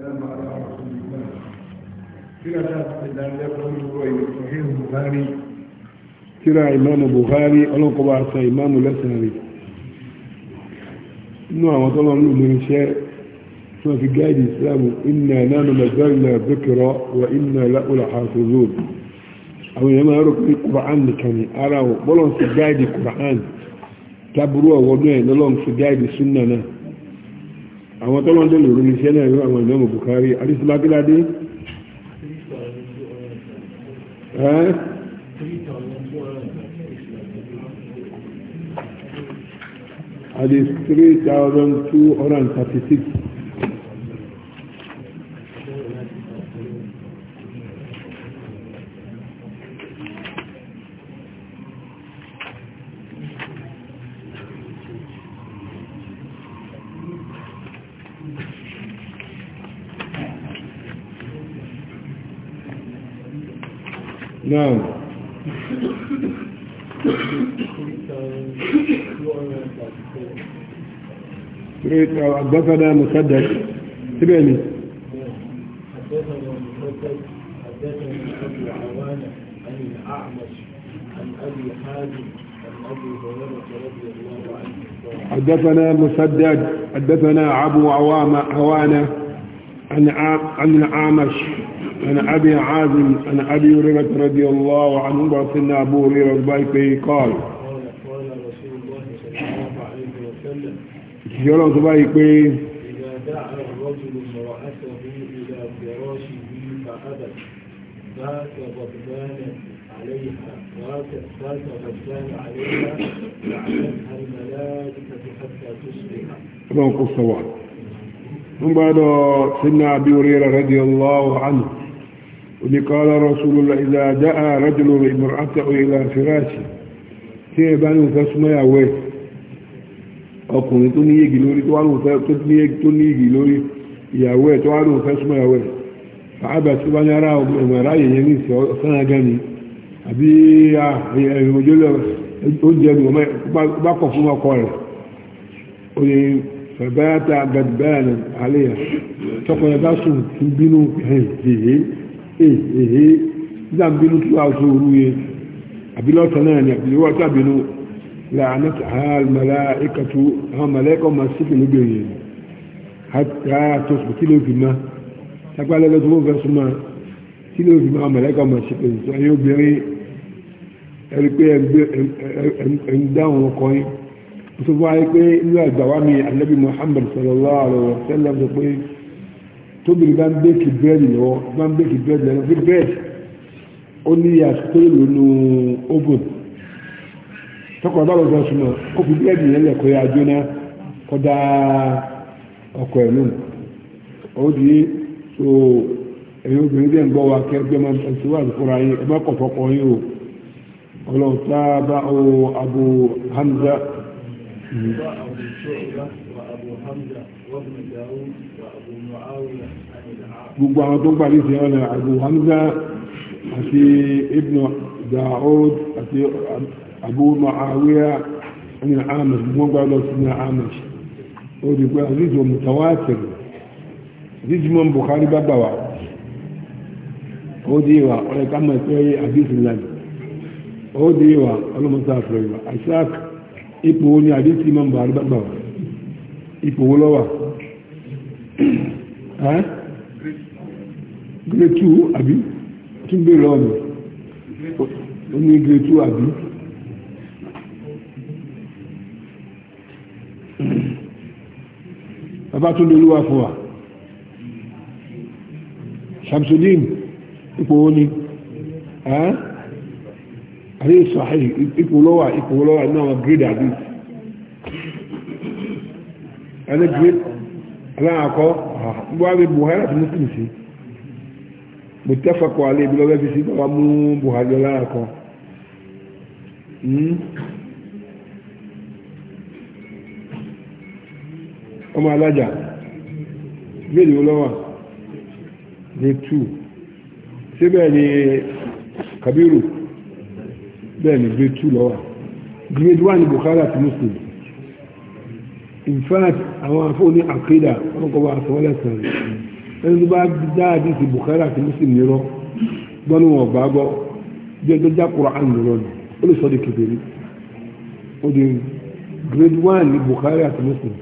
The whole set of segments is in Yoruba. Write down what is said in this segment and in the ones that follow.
السلام على رسول الله كلا ذات الله يقول صحيح البخاري كلا إمام البخاري ألو قبعة إمام الأسهري نوع وطلع من شيء ثم في قائد الإسلام إنا نام نزلنا ذكرى وإنا لأو لحافظون أو يما يروك في القرآن كان أراه بلون في قائد القرآن تبروا ودوين لهم في قائد السنة àwọn tọ́lọ́ dẹ̀ lórí iṣẹ́ náà yóò àwọn ìmọ̀ Bukhari adisilabilade hadith three نعم سمعت أو حدثنا مسدد سمعني حدثنا مسدد حدثنا أبي عوانة عن الأعمش عن أبي حازم عن أبي هريرة رضي الله عنه حدثنا مسدد حدثنا أبو عوامة عوانة عن عن الأعمش عن أبي عازم عن أبي هريرة رضي الله عنه بعثنا أبو هريرة عنه قال يقول البايكي إذا دعا الرجل امرأته إلى فراشه فأبت فات غضبانا عليها فات غضبان عليها لعنتها الملائكة حتى تصبح. هذا قصة واحد. من بعد سيدنا أبي هريرة رضي الله عنه قال رسول الله إذا جاء رجل وامرأته إلى فراشه tí ẹ bá ní òfẹ́ súnmọ́ ìyàwó ẹ̀ ọkùnrin tó ní yégi lórí tó wá ní òfẹ́ tó ní yégi tó ní yégi lórí ìyàwó ẹ̀ tó wá ní òfẹ́ súnmọ́ ìyàwó ẹ̀ fàábà tí ó bá ní ara ọmọ ẹ̀rá yẹ̀yẹ́ ní ìsẹ̀ ọ̀sán agán ni àbí ẹ̀rìn òjò lọ oúnjẹ ni ọmọ bá kọ̀ fún ọkọ rẹ̀ ó yẹ fẹ̀bẹ́yàtà gàdìbẹ́yà alẹ́ yà tọkọ yẹn bá sùn tún bínú ẹ̀hìn èhè nígbà ń bínú tó aṣọ òru yẹ àbílọ́tọ̀ náà ni àbílẹ́wọ́ tó àbínú làánà tó àmàlà ìkàtú àwọn màlẹ́kọ̀ máa síkè lóde yẹn àtà tó sùn kí ló fi má tápálẹ́ lọ́tọ́ wọ́n fẹ́ súnmọ́ kí ló fi má àwọn màlẹ́kọ̀ máa síkè lóde yẹn obìnrin ẹ̀rí pé ẹ̀ ń dáhùn ọkọ yín tó fọ́ ayé pé inú mi alẹ́bí Muhammad sallallahu alaihi wa sallam sọ pé tóbiri bá ń bẹ́ẹ̀kì bírẹ́dì lọ́wọ́ bá ń bẹ́ẹ̀kì bírẹ́dì lọ́wọ́ fi bírẹ́dì ó ní àsìkò lónú oven tọkọ̀ bá lọ́gbọ́n súnmọ́ kó fi bírẹ́dì yẹn lẹ̀ kó yá jóná kó dá ọkọ̀ ẹ̀ lónìí ó di so ẹ̀yin obìnrin dẹ̀ ń gbọ́ wa kí ẹgbẹ́ máa ń ṣe wà lókòrò ayé ẹ má kọ̀ fọkọ̀ yín o ọlọ́ọ̀tá bá o Abu Hamza. gbogbo àwọn tó gbàdí sí ọ̀nà Abu Hamza àti Ibn Daud àti Abu Muawiya ní Amish wọ́n gbà sí ní Amish ó di pé mutawatir bàbá wa ó di wa ipò lọ́wà grade 2 àbí tún bèèrè ọ̀nà ó ní grade 2 àbí bàbá tún lórí wà fún wa Shamsuddin ipò ó àríṣà ipò lọ́wà náà grade àbí ẹni gbé aláàkọ́ buhari buhari àti muslim sí mo tẹ́fọ̀kọ̀ alẹ́ ibi lọ́wọ́ fi sí bàbá mú buhari aláàkọ́ hmm? ọmọ alájà méjì olówà ní 2 síbẹ̀ ni kabiru bẹ́ẹ̀ de grade 2 lọ́wà grade 1 ni buhari àti muslim in fact àwọn afọ́ni àkídà ọkọ̀ wa sọ lẹ́sàn ẹni tó bá dáadé sí Bukhari àti Muslim nírọ gbọ́nù wọn gbà gbọ́ bí ẹjọ́ já Quran nírọ ni ó lè sọ di kékeré ó di grade one ní Bukhari àti Muslim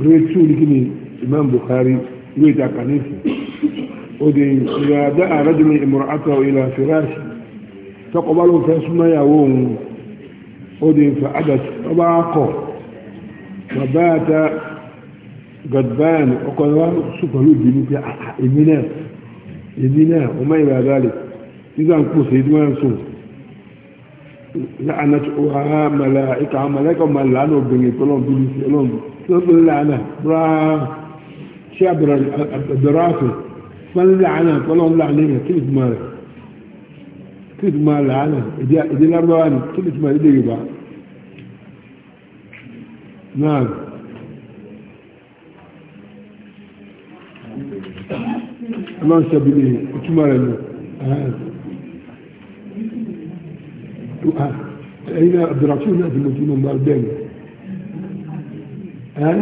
grade two ní kíni Imam Bukhari ìwé ìtàkà nísì ó di ìyàdá àrẹ́dùnmí ìmọ̀ràn àtọ̀ ìlà fìráṣì tọkọ bá ló fẹ́ súnmọ́ ìyàwó òun ó di ìfẹ́ àdàtì ọba akọ̀ وبات غضبان وقال سكروا بنوك إمنا إمنا وما إلى ذلك إذا انقص إدمان سوء لعنة أوها ملائكة ملائكة وما لعنوا بني كلهم بني كلهم تقول لعنة برا شابر الدراسة فلن لعنة كلهم لعنة كيف مالك كيف مال لعنة إذا إذا الأربعة كيف مال إذا يبقى نعم، ẹ máa ń sẹ́bi ní ìtumọ̀ rẹ̀ lọ ah, eh, ẹ̀yin náà abdulrasheed náà ti mọ̀ tí mo máa bẹ́ẹ̀ ni ẹ́ eh?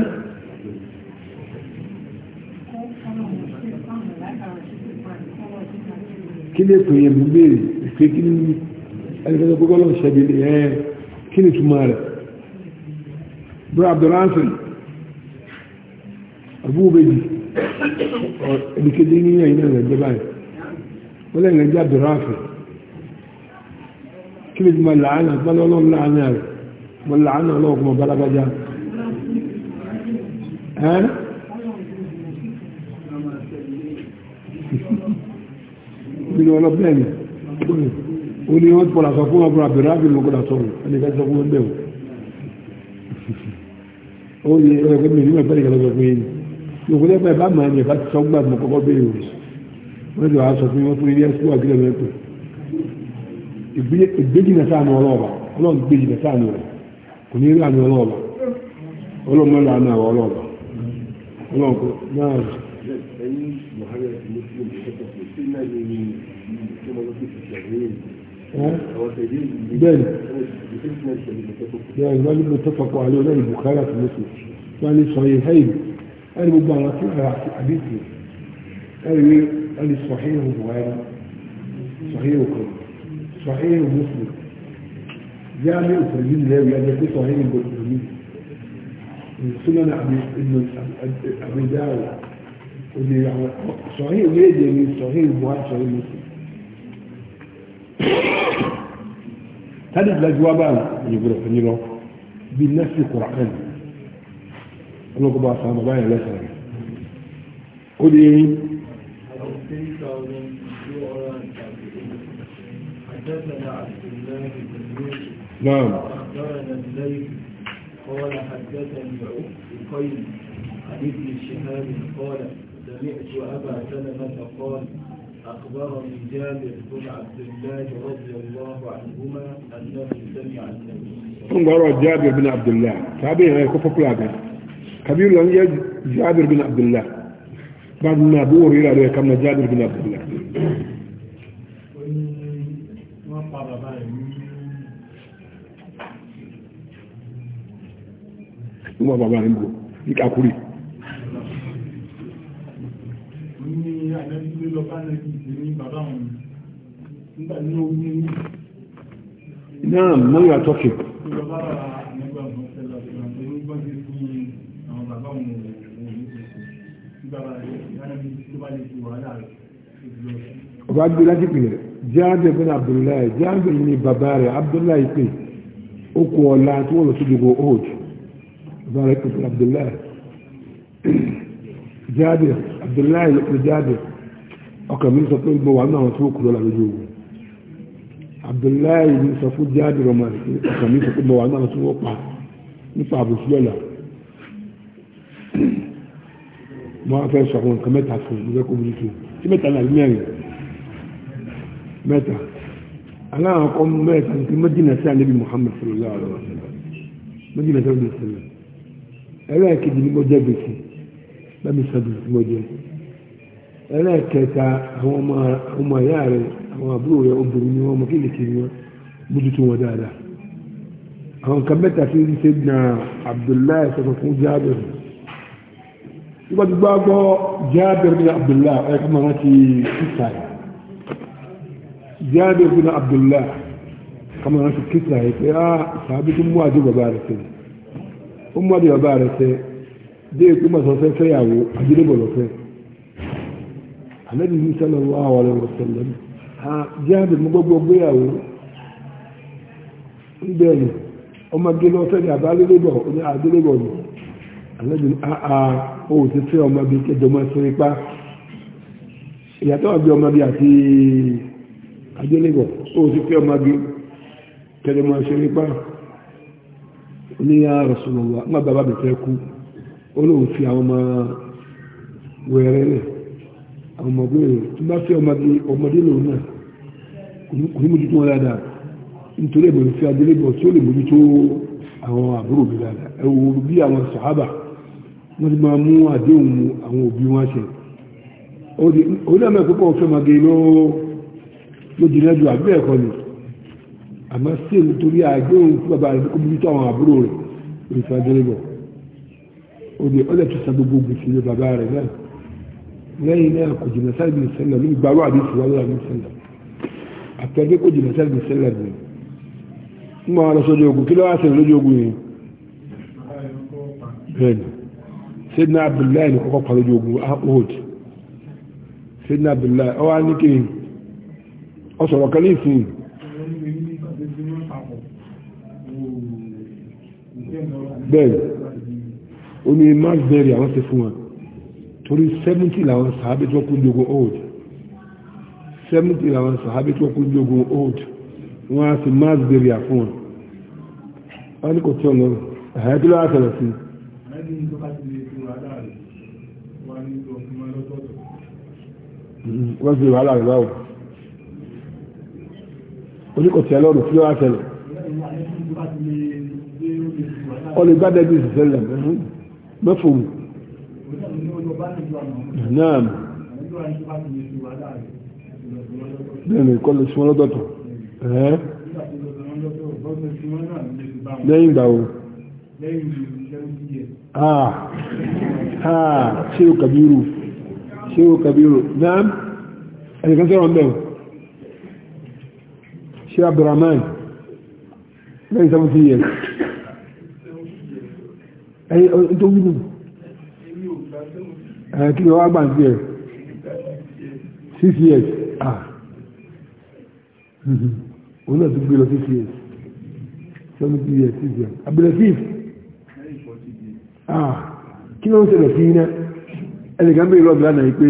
kí ni ètò yẹn mú béèrè ìpè kí ni bro abdulhansen abúbejì ẹnìkejì ní ẹ̀yìn náà lẹ́jẹ́ báyìí wọ́n lẹ́yìn lẹ́jẹ́ abdulhansen kí lè máa làánà gbọ́dọ̀ ọlọ́run láàánà rẹ̀ wọ́n làánà ọlọ́run kọ́ balabaja ẹ́ nínú ọlọ́bẹ̀ẹ́ni ó ní wọ́n pọ̀lá sọ fún abúrò abdulhansen lọ́gbọ́dọ̀ sọ̀rọ̀ ẹnìkejì sọ fún ẹgbẹ́ ó ní ọ̀rọ̀ pé mi nígbà bẹ́ẹ̀ kẹlẹ́ sọ pé ní òkú lẹ́pẹ́ bá máa ní ẹ̀fà ti sọ́gbà mọ̀ kọ́kọ́ bẹ́ẹ̀ rẹ̀ wọ́n ti wàá sọ fún wọn fún ilé ẹ̀sùn àgbélé mẹ́tò ìgbéjìnà sáànù ọlọ́ọ̀bà ọlọ́ọ̀ gbéjìnà sáànù rẹ̀ kò ní rí àmì ọlọ́ọ̀bà ọlọ́ọ̀bà náà لا الواجب متفق عليه لا البخاري في مسلم يعني صحيحين قال مباركين على حديثه قال ايه قال صحيح البخاري صحيح وكذا صحيح ومسلم جامع يعني الترمذي لا يعني في صحيح الترمذي سنن ابي ابي داود صحيح ويدي يعني صحيح البخاري صحيح مسلم هل الأجوابان يقول فنيلو بالنفس القرآن الله قبع صلى الله عليه وسلم قل إيه نعم أخبرنا الليل قال حدثني عقيل عن ابن الشهاب قال سمعت أبا سلمة قال أخبرني جابر بن عبد الله رضي الله عنهما أنه سمع النبي أخبر جابر بن عبد الله تابعين هيكو فبلاغا كبير لن جابر بن عبد الله بعد ما بور إلى ذلك كما جابر بن عبد الله wọ́n bàbá rẹ̀ ń àjẹ́bí tó lọ bá lẹ́bí ìsinmi bàbá wọn nígbà ní ogun náà mọ́ yóò àtọ́kì ọba gbé láti pè rẹ̀ jáde bin abdullahi jáde ní bàbá rẹ̀ abdullahi pé ó kú ọ̀la tí wọ́n lọ sí gbogbo old bàbá rẹ̀ pè abdullahi جابر عبد الله بن جابر وكان من سطول بوعنا وسوق ولا رجوع عبد الله بن سطول جابر وما وكان من سطول بوعنا وسوق ما نصاب سلالة ما في شعور كم تحصل إذا كبرتوا كم تعلم المين متى أنا أقوم متى أنت مدينة سان النبي محمد صلى الله عليه وسلم مدينة سان النبي صلى الله عليه وسلم ألا كذي مجابسي bẹ́ẹ̀ mi sọ̀dọ̀ tí mo jẹ ẹlẹ́ẹ̀kẹta àwọn ọmọ ẹ̀yà rẹ àwọn àbúrò rẹ obìnrin ni wọn ọmọ kéèké ni wọn mójútó wọn dáadáa àwọn nǹkan mẹ́ta tí ń ṣe na Abdullahi sọ̀rọ̀ fún Jábẹ̀rù nígbà tó gbá gbọ́ Jábẹ̀rù ní Abdullahi ẹ̀ka mọ̀ láti kíkà yìí Jábẹ̀rù ní Abdullahi ẹ̀ka mọ̀ láti kíkà yìí pé á ah, sàbí tó mú àdé bàbá rẹ̀ sẹ́yìn ó mú àdé bàbá rẹ̀ sẹ́yìn dé ikú mọ̀ sọ́fẹ́ fẹ́yàwó àdínlẹ́bọ̀ lọ́fẹ́ alẹ́bí sọ́lọ́ wà wà lọ́wọ́ sọ́lọ́ ha jáde mú gbogbo gbéyàwó ń bẹ̀rẹ̀ ọmọdé lọ́fẹ́ ní àbálẹ́lẹ́bọ̀ ní àdínlẹ́bọ̀ ni alẹ́bí àà ó ti fẹ́ ọmọdé kẹjọ mọ́ sọ ipá ìyàtọ̀ àbí ọmọdé àti àdínlẹ́bọ̀ ó ti fẹ́ ọmọdé kẹjọ mọ́ sọ ipá ní ya Rasulullah má bàbá mi fẹ́ kú olóhùn fi àwọn ọmọ àwọn ọmọ gbé bá ọmọdé lòun náà kò ní mójútó wọn dáadáa nítorí adélébọ̀ tí ó lè mójútó àwọn àbúrò àwọn ti máa mú àdéhùn àwọn òbí wọn ṣe fẹ́ màgé ló ju ẹ̀kọ́ ni àmọ́ sí àdéhùn fún bàbá kó mójútó àwọn àbúrò òde ọ̀lẹ́ tó san gbogbo gbèsè lé bàbá rẹ̀ náà lẹ́yìn náà kò jìnnà sáàbì sẹ́lẹ̀ ló gbarú àdìsí wáyé àmì sẹ́lẹ̀ àtẹ̀gbẹ́ kò jìnnà sáàbì sẹ́lẹ̀ na ń mọ àwọn sọ́jọ́ ogun kí ló wá sẹ́lẹ̀ lójú ogun na bẹ́ẹ̀ni sẹ́dínà abdullahi ní kọ́kọ́ pàlójú ogun ahud sẹ́dínà abdullahi ọwọ́ á ní kí ọ̀sọ̀rọ̀ kan ní ìsìn bẹ́ẹ̀ni ó ní markberry àwọn ti fún wọn torí 70 làwọn sàábẹ́ tó kún jogun old seventy làwọn sàábẹ́ tó kún jogun old wọ́n á sì markberry àfún wọn wọ́n ní kò tí ọ̀nà ẹ̀hẹ́ tí lọ́wọ́ àtẹ̀lẹ̀ sí. wọ́n sì wàhálà rẹ̀ báwò oníkọ̀tí ẹlọ́run tí lọ́wọ́ àtẹ̀lẹ̀ ọ̀lẹ́gbàdẹ́gbẹ̀sì sẹ́lẹ̀ mẹ́rin mẹ́fòrò náà bẹ́ẹ̀ni kọ́ lè sí wọn lọ́dọ̀tọ̀ ẹ́ lẹ́yìn ìgbà wo ah ah ṣé o kàbírù ṣé o kàbírù náà ẹnìkan sọ̀rọ̀ mẹ́wọ̀ ṣé Abdulrahman ẹ̀yìn tó wúlù kí lọ wá gbàǹdí ẹ̀ 6 years ah òun náà ti gbé lọ 6 years 7 years 6 years abúlé 5 ah kí ló ń ṣẹlẹ̀ sí iná ẹnìkan bèèrè lọ́bìlá náà pé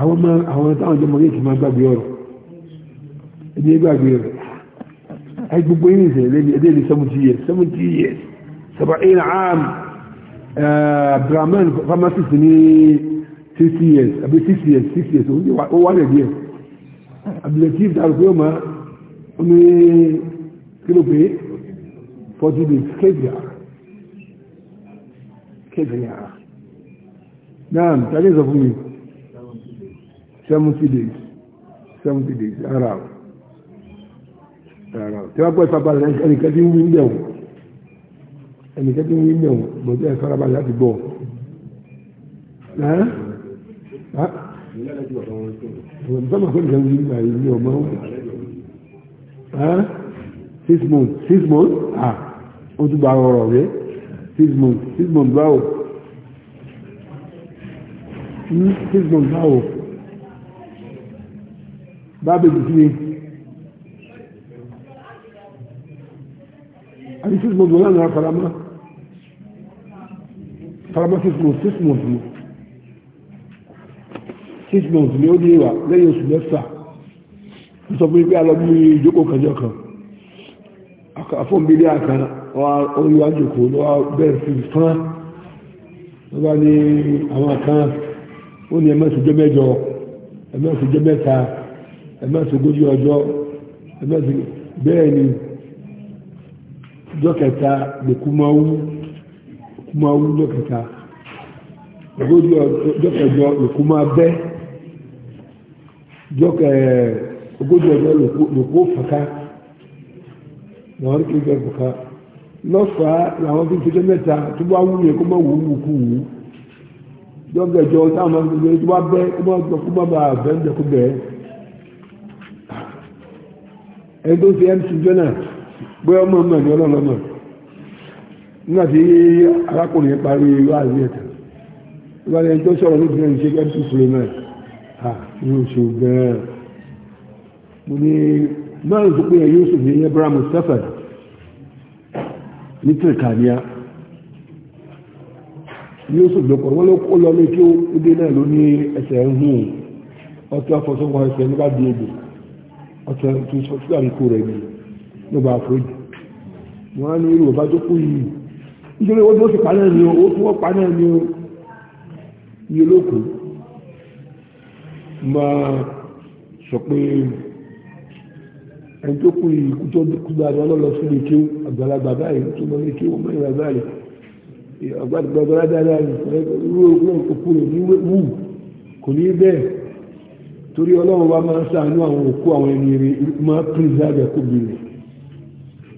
àwọn táwọn ọjọ́ mọ̀gé kì máa gbàgbé ọ̀rọ̀ ẹni gbàgbé rẹ̀ ẹ gbogbo yìí nìṣẹ̀lẹ̀ ẹdẹ́ ní 70 years 70 years سبعين عام عبد الرحمن خمس سنين ست years أبي ست years ست years هو وانا دي عبد اللطيف ده عارف يوم أمي كيلو بي 40 days كيف يا أخي كيف يا أخي نعم تعالي زفوني 70 days 70 days أراو أراو تبقى تبقى لأنك أنا كذي ومين ده ẹnìkẹ́ tó ń wí mẹ́wọ̀n bọ̀dọ̀ ẹ̀ farabalẹ̀ láti gbọ́ sọ́mà kó nìkan wí nígbà yìí ní ọmọ six months six months ah ó tún gba ọ̀rọ̀ rẹ̀ six months six months báwo hmm, six months báwo bá bèbí ni. àbí six months wọ́n náà faramá faramá six months six months ni o months ni ó di ìwà lẹ́yìn oṣù mẹ́fà ó sọ fún mi pé alọ́ bí ìjókòó kanjọ kan afọ́nbílẹ̀ àkàn olùwájòkó ló wá bẹ̀rẹ̀ sí fán ló bá jọ́kẹta lèkúmọ́wú lèkúmọ́wú jọ́kẹta ogójì jọ́kẹjọ lèkúmọ́abẹ́ jọ́kẹ ogójì ọjọ́ lèkú fàká làwọn kì í fẹ́ fàká lọ́fà làwọn fi ń tẹ́jọ́ mẹ́ta tó bá wú yẹn kó má wù ú kú wù ú jọ́kẹjọ táwọn máa ń tẹ́jọ́ tó bá bẹ́ kó má gbọ́ bẹ́ bóyá ọmọ ọmọ ẹ̀mí ọlọ́lọ́mọ nígbà tí arákùnrin yẹn parí irú àrí ẹ̀tà nígbà tí ẹni tó sọ̀rọ̀ ló bẹ̀rẹ̀ ṣe kẹ́ńtù fúlẹ̀ náà à yóò ṣe bẹ́ẹ̀ mo ní tó pé yóò ní Abraham stephen ní tìrìkàníà yóò lọ́pọ̀ wọ́n ló kó lọ ní kí ó dé náà ló ní ẹsẹ̀ ń hù ọtí ẹsẹ̀ nígbà ọtí ló bá fojú wọn á ní irú ọba tó kú yìí nítorí owó tí wọ́n ti pa náà ni o owó tí wọ́n pa náà ni o iye ló kù máa sọ pé ẹni tó kú yìí kú tó kú dáadáa lọ́lọ́ sí ilé kéwú àgbàlagbà báyìí tó lọ ilé kéwú ọmọ ìlà báyìí àgbàlagbà dáadáa yìí irú ọgbọ́n òkú rẹ̀ ní wù kò ní bẹ́ẹ̀ torí ọlọ́run wa máa ń ṣàánú àwọn òkú àwọn ẹni rẹ̀ máa ń pín ìdájọ́ kó bìrì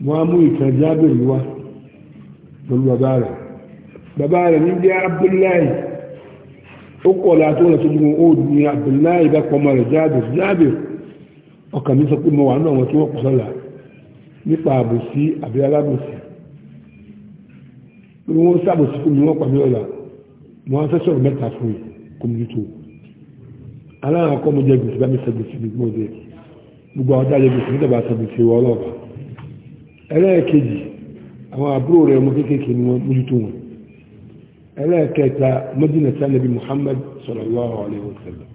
wọ́n á mú ìtàn jábìrì wá pẹ̀lú bàbá rẹ̀ bàbá rẹ̀ ní bí abdullahi ó kọ̀ láti wọ́n tó gbogbo ó ní abdullahi bá pọ̀ ọmọ rẹ̀ jábìrì jábìrì ọkàn mi sọ pé mo wà náà wọn tí wọ́n kù sọ́la nípa àbòsí àbí alábòsí pé wọ́n sábòsí fún mi wọ́n pàmí ọ̀la mo wá fẹ́ sọ̀rọ̀ mẹ́ta fún mi kò mú tó aláàkọ́ mo gbèsè bá mi sọ gbèsè gbogbo àwọn tá a jẹ gbèsè nígbà bá sọ gbèsè wọ́ ọlọ́ọ̀bà ẹlẹ́ẹ̀kejì àwọn àbúrò rẹ̀ ọmọ kéékèèké ni wọ́n mójútó wọn ẹlẹ́ẹ̀kẹta mọ́dínà tí a nàbí Muhammad sallallahu alayhi wa sallam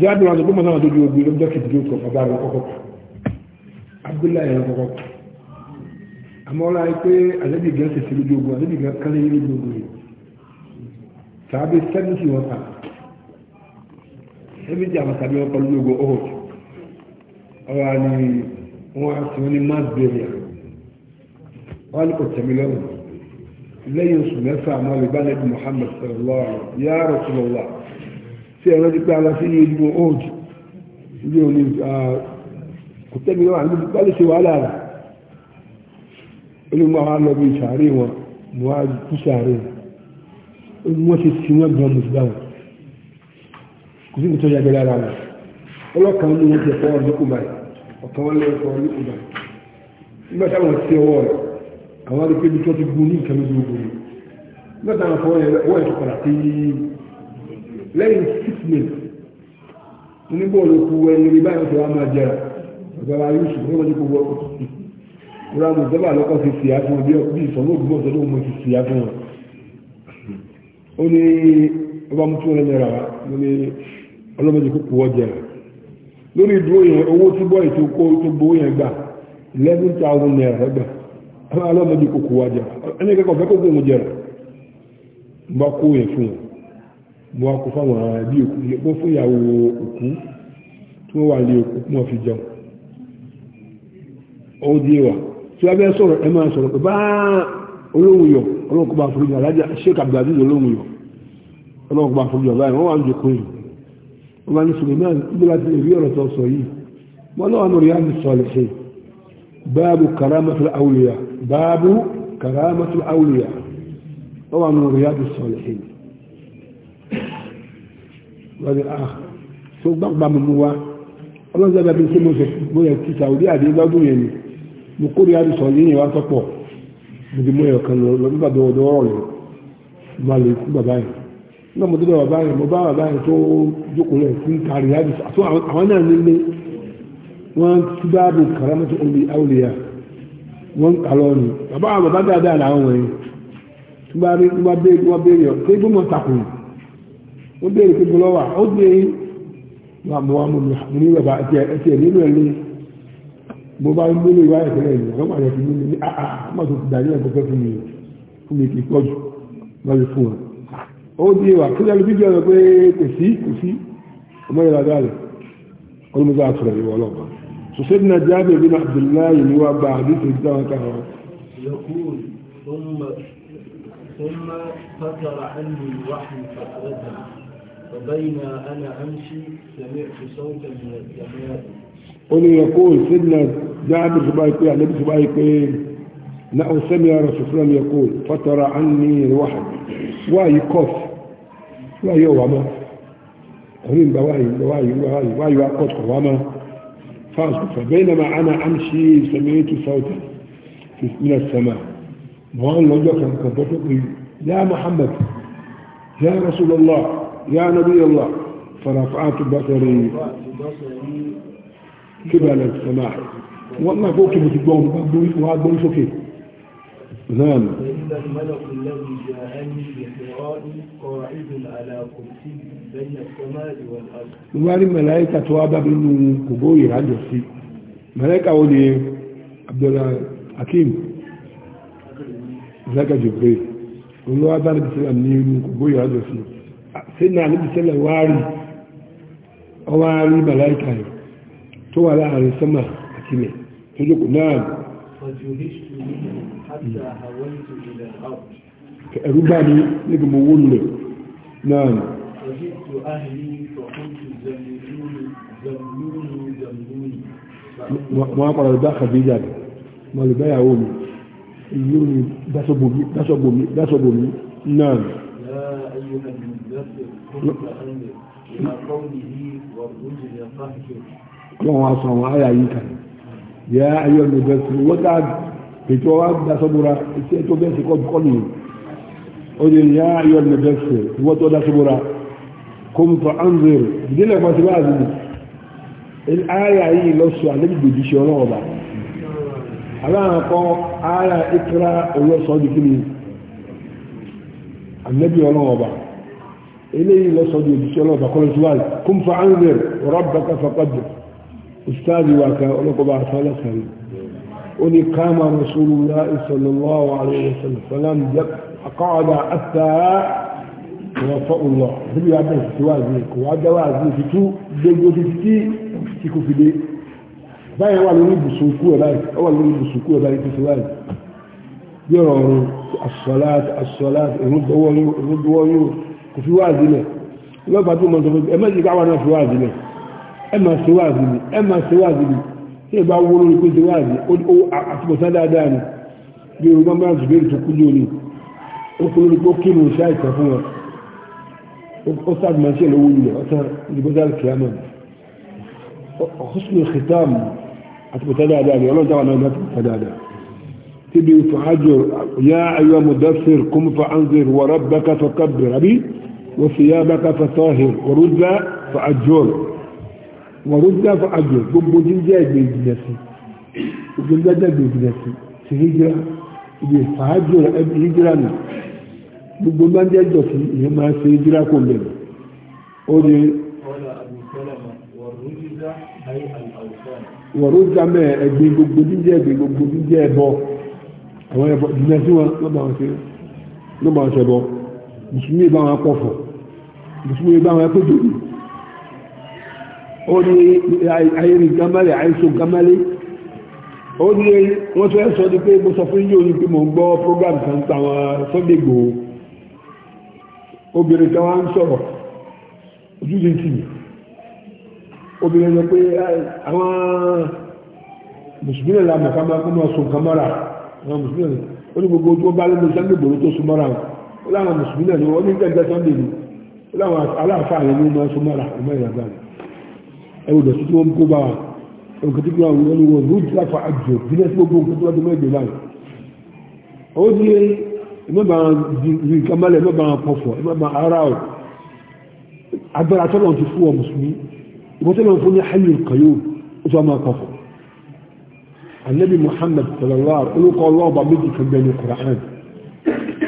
jáde wọn àti gbọ́mọ̀ náà dojú ogun ló ń dọ́kì dúró kọ̀ bàbá rẹ̀ kọ́kọ́ kọ́ Abdullahi rẹ̀ kọ́kọ́ kọ́ àmọ́ ọlá yìí pé àdébì gan wọ́n á sọ ní mass burial wọ́n á ní kò tẹ̀mí lọ́nà lẹ́yìn oṣù mẹ́fà àmọ́ lè bá nẹ́bí Muhammad sallallahu alaihi wasallam ya Rasulullah tí ẹ̀rọ ti pé aláṣẹ yìí ìlú old ilé òní kò tẹ̀mí lọ́nà àti bá lè ṣe wàhálà rẹ̀ olùmọ̀ àwọn alọ́bí ìṣàárẹ̀ wọn mo á kú ṣàárẹ̀ wọ́n ti sin wọ́n gan mùsùlùmí kò sí ìtọ́jà bẹ́ẹ̀ lára wọn ọlọ́kan ní wọ́n ti ẹ̀fọ́ ọdún kò báyìí ọ̀tọ́ lẹ́ẹ̀kọ́ olùkùdà nígbà táwọn ti ọwọ́ rẹ̀ àwọn arí pébi tó ti gun ní nǹkan lójú ogun nígbà táwọn fọwọ́ yẹn ọwọ́ yẹn tó padà sí lẹ́yìn six minutes oníbọ̀ọ̀lù kú ẹni rí báyìí tó wá máa jẹrà ọ̀gá wa yóò sùn níwájú kó wọ́pọ̀ rárá mo sábà lọ́kọ̀ ti fìyà fún ọ bí ìsọ̀nà ògbó ọ̀sẹ̀ lórí ìdúró yẹn owó tó bọ́ ètò kó tó gbowó yẹn gbà eleven thousand naira gbà àwọn alọ́mọdé kòkó wa jẹrà ẹni kẹ́kọ̀ọ́ fẹ́ kókó òun jẹrà mo bá kó yẹn fún wọn mo wá kó fáwọn ẹbí òkú mo fún ìyàwó òkú tí wọ́n wà lé òkú tí wọ́n fi jẹun ó dé wa tí wọ́n bẹ́ sọ̀rọ̀ ẹ máa sọ̀rọ̀ pé bá olóhùn yọ ọlọ́run kó bá forí jọ alájà sheik abdulaziz olóhùn yọ ọlọ́run kó bá forí jọ báyìí wọ́n wà ń wọ́n bá ní suleiman gbọ́dọ̀ ti rí ọ̀rọ̀ tó sọ yìí wọ́n náà nù ríyá ní sọ̀lẹ̀ṣẹ̀ báàbù karamatul awliya báàbù karamatul awliya wọ́n wà nù ríyá ní sọ̀lẹ̀ṣẹ̀ wọ́n ní ah tó gbàgbà mi mú wa ọlọ́sẹ̀ bá bí sí mo fẹ́ mo yẹ ti sàwùdí àdé lọ́dún yẹn ni mo kó ríyá ní sọ̀lẹ̀ yẹn wá tọ́pọ̀ mo ti mú ẹ̀yọ̀ kan lọ lọ́dún bàbá ọ̀dọ́ na mo débẹ̀ bàbá rẹ̀ mo bá bàbá rẹ̀ tó jókòó rẹ̀ sí kárí a àti àwọn náà nílé wọ́n ti báàbò kàrámọ́tò olè àwòlẹ́yà wọ́n kà lọ ni bàbá àwọn bàbá dáadáa làwọn wọ̀nyí tí wọ́n béèrè wọ́n béèrè ọ̀ pé gbọ́mọ̀ takùn wọ́n béèrè pé bọ́lọ́ wà ó dé wà mọ́ wà mọ́ mi ní bàbá ẹtì nínú mo ó di jẹ́ pé kò sí kò sí ọmọ olùmọ̀gbà àtúrọ̀ sọ̀sẹ́ ni wà gba يقول ثم ثم فتر عني الوحي فأردها فبين أنا أمشي سمعت صوتا من السماء قل يقول سيدنا جابر سبايك يا نبي سبايك نأو سمع رسول الله يقول فتر عني الوحي ويكف فبينما أنا أمشي سمعت صوتا من السماء وقال يا محمد يا رسول الله يا نبي الله فرفعت بصري قبل السماء والله فوق بتجوم وهذا بقول نعم فإن الملك الذي جاءني بقرائي قاعد على كرسي بين السماء والأرض wọ́n mẹ́láíkà tó wá bá nínú kògbó ìrájọ̀ sí mẹ́láíkà wọ́n ni abdullá akim zaka jibre olówá bá níbi sẹ́lẹ̀ ní inú kògbó ìrájọ̀ sí sínú àníbi sẹ́lẹ̀ wá rí ọwá rí mẹ́láíkà rẹ̀ tó wà láàrin sẹ́mà àti ilẹ̀ tó jókòó náà ẹ̀rú bá mi nígbà mo wó lulẹ̀ náà nù. wọ́n á padà bá kàdéjà rẹ̀ wọ́n lè báyàwó mi ìlú mi dásọ̀bò mi náà nù. Ọlọ́run aṣọ àwọn àyà yìí kan. Yá ayé ọ̀nà ìbẹ̀sùn, wọ́n dáa ètò ọwá dasọ́búra tí ètò bẹ́ẹ̀ sí kọ́ ní ọdí ìyá ayọ́ nẹ̀bẹ̀ẹ́sẹ̀ wọ́n tó dasọ́búra kó mú tọ́ ánzẹ̀rẹ̀ ìdílé kan ti láàzù ní ààyà yìí lọ́sọ̀ alẹ́gbẹ̀gbẹ̀ ṣe ọ̀nà ọ̀bà aláàkọ́ ààyà ìkra olóṣọ́ di kíni ànẹ́bí ọ̀nà ọ̀bà eléyìí lọ́sọ̀ di òjíṣẹ́ ọ̀nà ọ̀bà kọ́lọ̀ síwájú kó mú tọ́ ánzẹ̀rẹ̀ rọ́bà kásọ̀kọ́dù ìsáàdì wà ká ọlọ́kọ̀ọ́bà àtàlẹ́sàrẹ̀ أني قام رسول الله صلى الله عليه وسلم قعد حتى وفاء الله ذي يعبر في توازنك وعد وعزي في تو دجو في تي تيكو في دي báyìí wà lórí ibùsùn kú ẹ̀ báyìí wà lórí ibùsùn kú ẹ̀ báyìí tó ti wáyìí bí ọ̀rọ̀ ọ̀run asọ́láàtì asọ́láàtì ìrúdọwọ́ yóò kò fi wá àdílẹ̀ lọ́pàá tó mọ̀ sọ fún ẹ mẹ́jì káwọn náà fi wá àdílẹ̀ ẹ máa ṣe wá àdílẹ̀ ẹ máa ṣe wá àdílẹ̀ tí ẹ bá wó lórí pé ti wáàdì ó àtúbọ̀tá dáadáa ni bí yorùbá máa zùbẹ́rì tó kú lónìí ó kú lórí pé ó kírun iṣẹ́ àìsàn fún wọn ó sáà máa ṣe lówó ilẹ̀ ọ̀tá ìdìbòtá kìámà ọ̀húsùn ìkìtàmù àtúbọ̀tá dáadáa ni ọlọ́dà wà náà àtúbọ̀tá dáadáa tí bí fàájọ yá ayọ́ mudafir kún fa anzir wà rabbaka fa kabbir àbí wọ́n fi yá baka fa tahir wọ́n rúdà fa àjọ́rọ̀ wọ̀rọ̀dá fún agbẹ̀ gbogbo jíjẹ́ ẹgbẹ̀ ìjìnlẹ̀ sí gbogbo jíjẹ́ ẹgbẹ̀ ìjìnlẹ̀ sí ti hijira ibi ìfàájò hijira nì gbogbo jíjẹ́ ẹjọ́ sí ìyẹn máa ṣe hijira kò lẹ̀rẹ̀ ó ní wọ̀rọ̀dá mẹ́ ẹgbẹ̀ gbogbo jíjẹ́ ẹgbẹ̀ gbogbo jíjẹ́ ẹbọ àwọn ẹbọ ìjìnlẹ̀ sí wọn ló bá wọn ṣẹbọ mùsùlùmí bá wọn pọ̀fọ̀ mùsùlùmí bá wọn pẹ̀jọ́ ó ní ayéri gamale àìsò gamale ó ní wọ́n tó ẹ́ sọ ní pé mo sọ fún yíò ní pé mo ń gbọ́ program kan tàwọn sọ́gbẹ̀gbò obìnrin kan wá ń sọ̀rọ̀ ojúṣe tì mí obìnrin sọ pé àwọn mùsùlùmí làmọ̀ ká máa kó máa sùn kámọ́ra àwọn mùsùlùmí ó ní gbogbo ojú ọba lẹ́nu sọ́gbẹ̀gbò tó sùn mọ́ra wọn ó láwọn mùsùlùmí náà ni ní gbẹ̀gbẹ̀ sọ́ndé ó láwọn aláàfáà ẹwùdọ̀ tí wọ́n kó bá òkètí kí wọ́n wọ́n wọ́n ló jẹ́ àpá àjò bílẹ̀ tí gbogbo òkètí wọ́n tó mẹ́jọ báyìí ó sì mẹ́bà rí kamalẹ̀ mẹ́bà pọ̀fọ̀ mẹ́bà ara ọ̀ agbára tọ́lọ̀ ti fún ọ mùsùlùmí ìwọ́n tọ́lọ̀ fún ní hanyar kayo ó sọ máa pọ̀fọ̀ alẹ́bí muhammad sallallahu olùkọ́ ọlọ́ọ̀bà méjì kan bẹ́ẹ̀ ní quran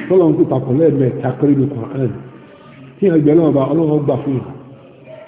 tọ́lọ̀ ń pè papọ̀ lẹ́ẹ̀mẹ́ta kiri ní quran tí ẹgbẹ́ náà bá ọlọ́run gbà fún yàrá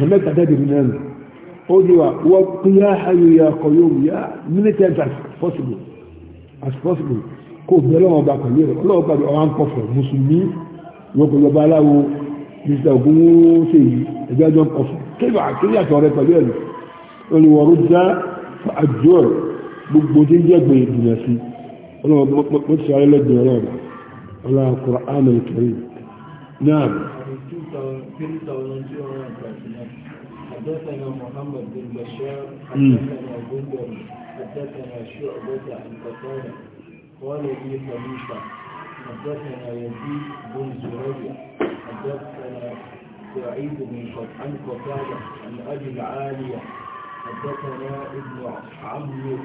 ẹ̀mẹ́ta jáde nínú ẹ̀rù ó ní wa wọ́n pín yá ayò yá ọkọ̀ yóò wù yá minutes as possible as possible kó bí ọlọ́wọ́n bá pẹ̀lú ẹ̀rọ ọlọ́wọ́n bá ọ̀hán kọfẹ̀ mùsùlùmí wọn kò yọba aláwo mr ogun ṣe yìí ẹgbẹ́ ọjọ́ kọfẹ̀ kéwà kéyàtọ̀ rẹ pẹ̀lú ẹ̀rọ olùwọ̀rú dá àjọ gbogbo tí ń jẹ́gbẹ̀ ìdùnnà sí ọlọ́wọ́n mọ́tíṣàrẹ́lẹ́gbẹ̀ẹ́ ọlọ́wọ́n ọlọ́wọ́n kọ̀ọ̀án حدثنا محمد بن بشار حدثنا بندر حدثنا شعبة عن قتادة قال لي خليفة حدثنا يزيد بن زريع حدثنا سعيد بن عن قتادة عن أبي العالية حدثنا ابن عمرو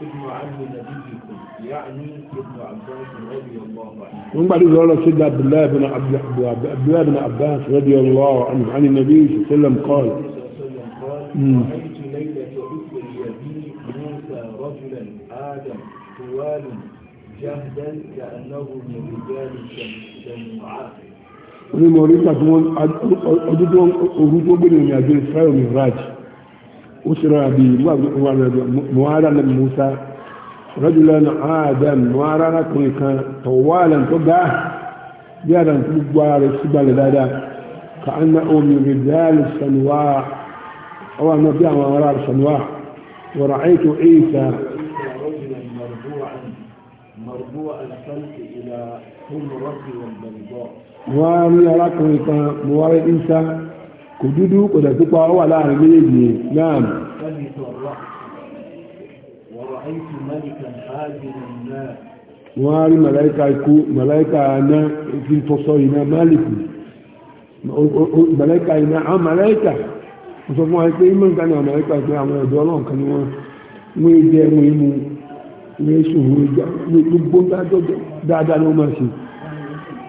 ابن عم نبيكم يعني ابن عباس رضي الله عنه. بعد ذلك سيدنا عبد الله بن عبد عبد الله بن عباس رضي الله عنه عن النبي صلى الله عليه وسلم قال رأيت ليلة عسر يبي موسى رجلا آدم طوال جهدا كأنه من رجال الشمس Oni mo rí pàtó wọn ojú tó gbé ní أسرى بي موالا موسى رجلا عادا موالا كويكا طوالا طبعا جالا تبوالا سبال لدى كأن أمي رجال السنواء أو أن نبيع وراء السنواء ورأيت عيسى مربوع الخلق إلى كل ربي والبيضاء وامي لكم إذا موارد إنسان kò dúdú kò dẹ̀ pípa wà láàrin méjèèjì náà wọ́n á rí malika ikú màláíkà aná tí tó sọ iná máàlìkù màláíkà iná á màláíkà mo sọ fún wa pé imọ̀ nǹkan ní àmàláíkà pé àwọn ọ̀dọ́ ọlọ́run kan ni wọ́n wọ́n jẹ́ wọ́n mú wọ́n sùn wọ́n gbogbo dáadáa ni wọ́n máa ṣe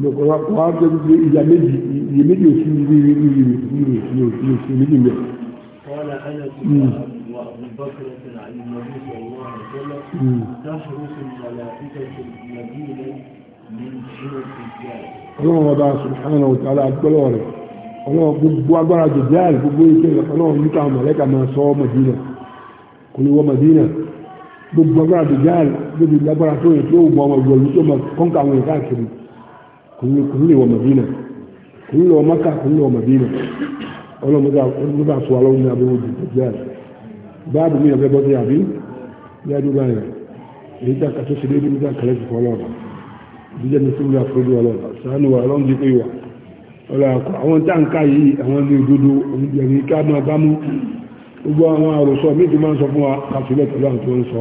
wọ́n á jẹ́ gbogbo ìyá méjì ìyè méjì òsì ìrì ìrì ìrì ìrì ìrì òsì òsì méjì mẹ́. ọlọ́run ọba subhanahu wa ta'ala agbọ́lọ́ rẹ̀ ọlọ́run gbogbo agbára jòjì àrè gbogbo iṣẹ́ ọlọ́run níta mọ̀lẹ́ka máa sọ ọ́ Madina kò ní wọ́n Madina gbogbo agbára jòjì àrè gbogbo agbára tó yẹ tó wọ́n ọmọ ìgbọ̀lú tó mọ̀ kọ́ńkà àwọn ìkáàkiri kun lè wọ Madina kun lè wọ Maka kun lè wọ Madina ọlọ́mọdé àṣọ alọ́run ní abẹ́wò dùn jáde báàbù mi ọ̀fẹ́ bọ́sẹ̀ àbí yájú báyìí èyí tí a kàtó ṣe déédéé nígbà kẹlẹ́ ti fọ́ ọlọ́ọ̀bà jíjẹ́ mi fún mi àfojú ọlọ́ọ̀bà sànù wa ọlọ́run ti pé wa ọlọ́ọ̀kọ́ àwọn táǹkà yìí àwọn ní òdodo oníjẹ̀rí ká máa bá mú gbogbo àwọn àròsọ méjì máa ń sọ fún wa kàtúlẹ̀ pẹ̀lú àwọn tó ń sọ